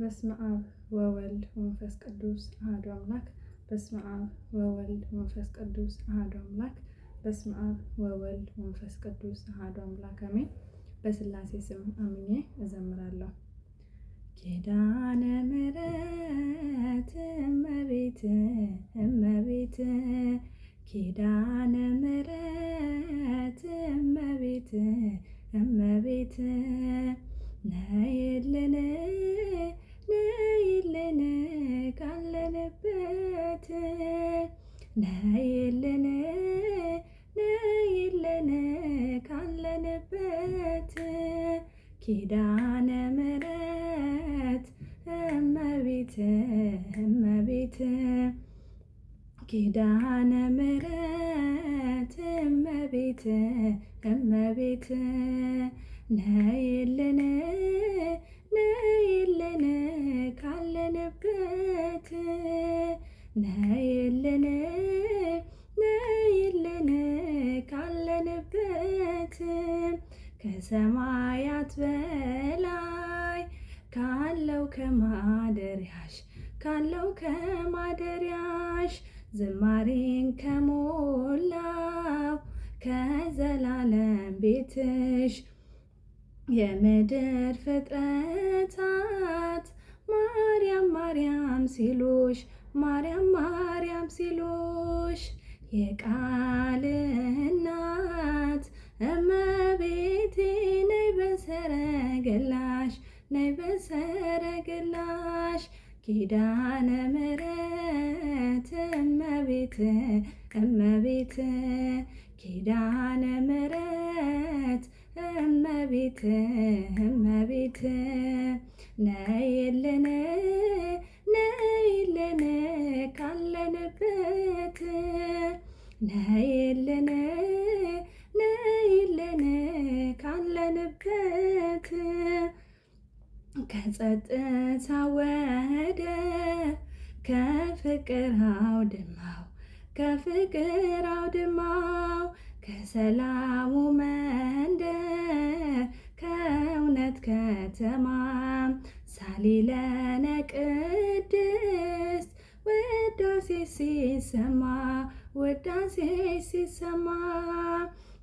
በስመ አብ ወወልድ ወመንፈስ ቅዱስ አሐዱ አምላክ። በስመ አብ ወወልድ ወመንፈስ ቅዱስ አሐዱ አምላክ። በስመ አብ ወወልድ ወመንፈስ ቅዱስ አሐዱ አምላክ አሜን። በስላሴ ስም አምኜ እዘምራለሁ። ኪዳነ ምሕረት እመቤት እመቤት ኪዳነ ምሕረት እመቤት እመቤት ነይልን ነይልን ካለንበት ነይልን ነይልን ካለንበት ኪዳነ ምሕረት እመቤት እመቤት ኪዳነ ምሕረት እመቤት እመቤት ነይልን ከማደሪያሽ ካለው ከማደሪያሽ ዝማሬን ከሞላው ከዘላለም ቤትሽ የምድር ፍጥረታት ማርያም ማርያም ሲሉሽ ማርያም ማርያም ሲሉሽ የቃ ኪዳነ ምሕረት እመቤት እመቤት ኪዳነ ምሕረት እመቤት እመቤት ነይልን ነይልን ካለንበት ነይልን ከጸጥታ ወደ ከፍቅር አውድማው ከፍቅር አውድማው ከሰላሙ መንደር ከእውነት ከተማ ሳሊለነ ቅድስት ውዳሴ ሲሰማ ውዳሴ ሲሰማ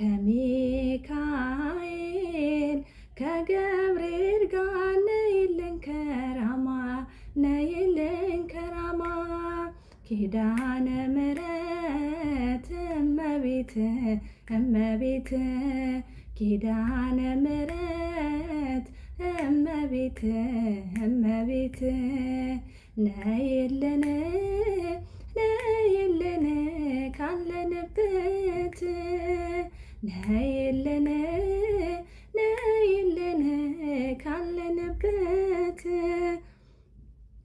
ከሚካኤል ከገብርኤል ጋር ነይልን ከራማ ነይልን ከራማ ኪዳነ ምሕረት እመቤት እመቤት ኪዳነ ምሕረት እመቤት እመቤት ነይልን ነይልን ካለንበት ነይልን አለን ካለንበት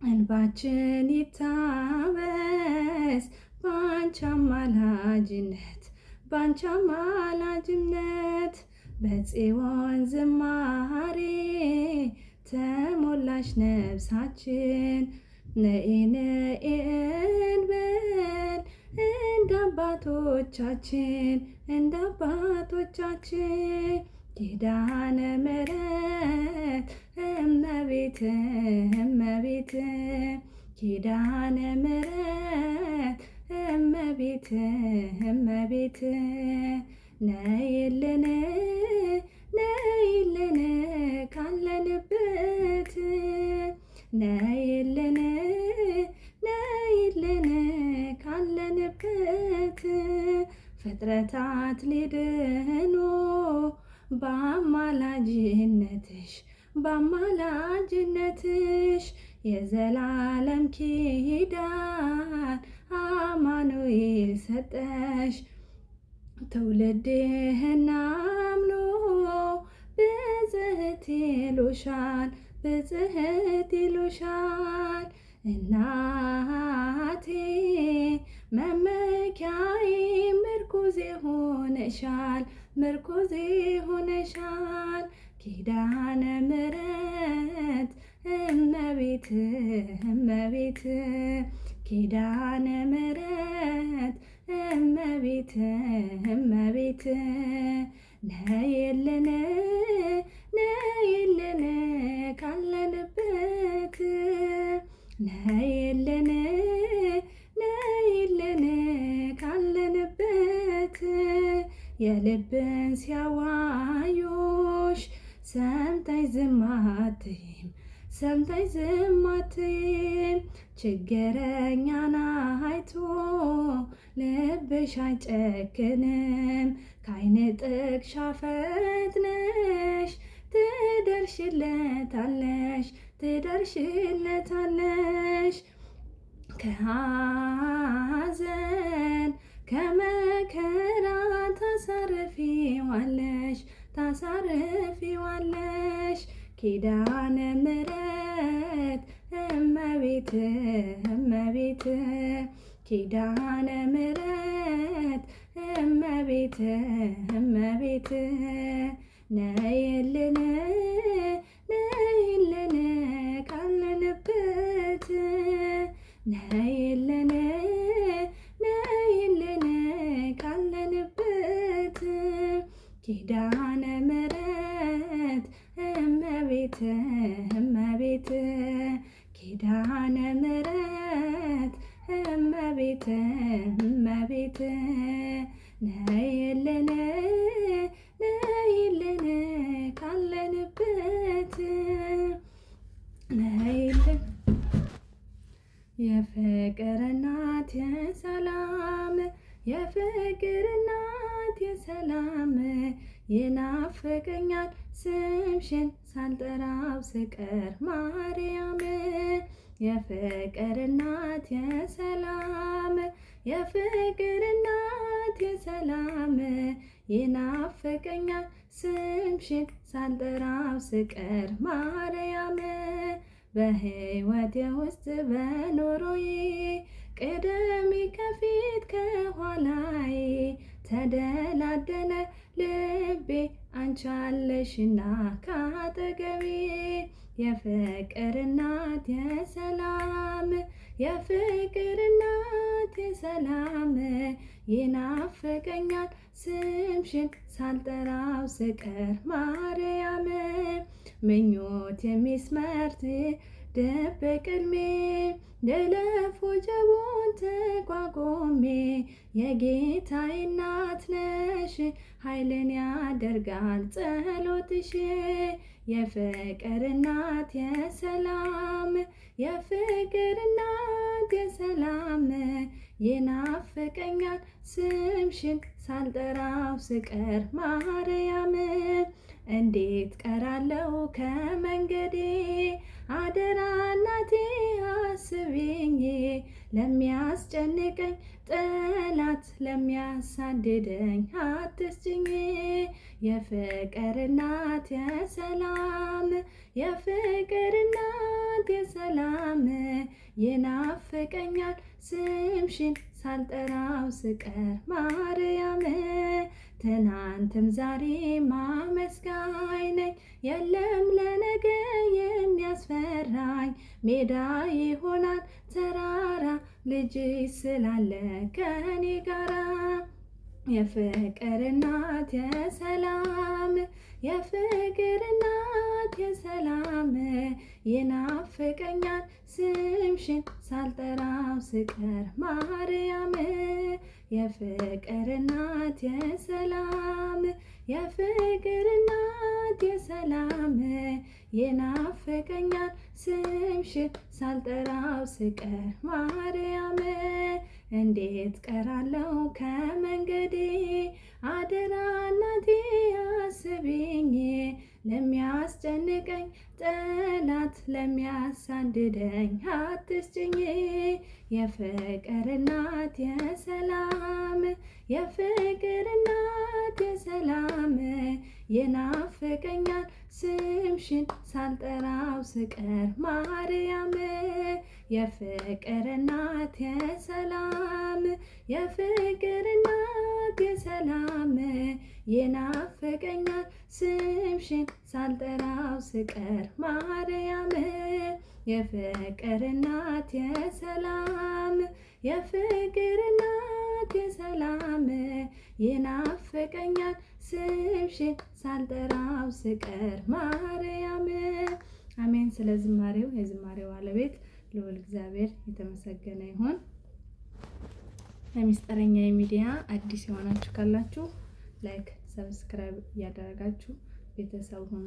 እንባችን ይታበስ ባንቺ አማላጅነት ባንቺ አማላጅነት በጽዮን ዝማሬ ተሞላሽ ነብሳችን ነኢነኤ እንበል እንደ አባቶቻችን እንደ አባቶቻችን ኪዳነ ምሕረት እመቤት እመቤት ኪዳነ ምሕረት እመቤት እመቤት ነይልን ነይልን ካለንበት ነይልን ነይልን ካለንበት ፍጥረታት ሊድኑ በአማላጅነትሽ በአማላጅነትሽ የዘላለም ኪዳን አማኑኤል ሰጠሽ ትውልድህን አምኖ ብጽህት ይሉሻል ብጽህት ይሉሻል እናቴ መመኪያዬ ምርኩዝ ሆነሻል። ምርኩዜ ሆነሻል ኪዳነ ምሕረት እመቤት እመቤት ኪዳነ ምሕረት እመቤት እመቤት ነየለን ነየለን ካለንበት ነየ የልብን ሲያዋዩሽ ሰምታይ ዝም ሰምታይ ዝማትም ችግረኛን አይቶ ልብሽ አይጨክንም ከአይነ ጥቅሻ ፈጥነሽ ትደርሽለታለሽ ትደርሽለታለሽ ከሐዘን ከመከራ ታሳርፊዋለሽ ታሳርፊዋለሽ ኪዳነ ምሕረት እመቤት እመቤት ኪዳነ ምሕረት እመቤት እመቤት ነይልን ነይልን ካልንበት ነይልን ኪዳነ ምሕረት እመቤት እመቤት ኪዳነ ምሕረት እመቤት እመቤት ነይልን ነይልን ካለንበት ነይልን የፍቅር እናት የሰላም የፍቅር እናት ሰላም ይናፍቀኛል ስምሽን ሳልጠራው ስቀር ማርያም የፍቅር እናት የሰላም የፍቅር እናት የሰላም ይናፍቀኛል ስምሽን ሳልጠራው ስቀር ማርያም በሕይወቴ ውስጥ በኖሮዬ ቅደሚ ከፊት ከኋላዬ ተደላደለ ልቤ አንቻለሽና አለሽና ካጠገቤ የሰላም የፍቅርናት የሰላም ይናፍቀኛል ስምሽን ሳልጠራው ስቀር ማርያም ምኞት የሚስመርት ደበቀድሜ ደለፎ ጀቦን ተቋቁሜ የጌታዬ እናት ነሽ ኃይልን ያደርጋል ጸሎትሽ የፍቅር እናት የሰላም የፍቅር እናት የሰላም ይናፍቀኛል ስምሽን ሳልጠራው ስቀር ማርያም እንዴት ቀራለው ከመንገዴ አደራ እናቴ አስቢኝ ለሚያስጨንቀኝ ጠላት ለሚያሳድደኝ አትስጭኝ የፍቅር እናት የሰላም የፍቅር እናት የሰላም ይናፍቀኛል ስምሽን ሳልጠራው ስቀር ማርያም ትናንትም ዛሬ ማመስጋኝ ነኝ የለም ለነገ የሚያስፈራኝ ሜዳ ይሆናል ተራራ ልጅ ስላለ ከኔ ጋራ የፍቅር እናት የሰላም የፍቅር እናት የሰላም የናፍቀኛል ስምሽን ሳልጠራው ስቀር ማርያም የፍቅር እናት የሰላም የፍቅር እናት የሰላም የናፍቀኛል ስምሽን ሳልጠራው ስቀር ማርያም እንዴት ቀራለው ከመንገዴ አደራ እናቴ አስቢኝ ለሚያስጨንቀኝ ጠላት ለሚያሳድደኝ አትስጭኝ። የፍቅር እናት የሰላም የፍቅር እናት የሰላም የናፍቀኛል ስምሽን ሳልጠራው ስቀር ማርያም የፍቅር እናት የሰላም የፍቅር እናት የሰላም ይናፍቀኛል ስምሽን ሳልጠራው ስቀር ማርያም የፍቅር እናት የሰላም የፍቅር እናት የሰላም ይናፍቀኛል ስምሽን ሳልጠራው ስቀር ማርያም አሜን። ስለ ዝማሬው የዝማሬው ባለቤት ልዑል እግዚአብሔር የተመሰገነ ይሁን። ለምስጢረኛ የሚዲያ አዲስ የሆናችሁ ካላችሁ ላይክ፣ ሰብስክራይብ እያደረጋችሁ ቤተሰብ ሁኑ።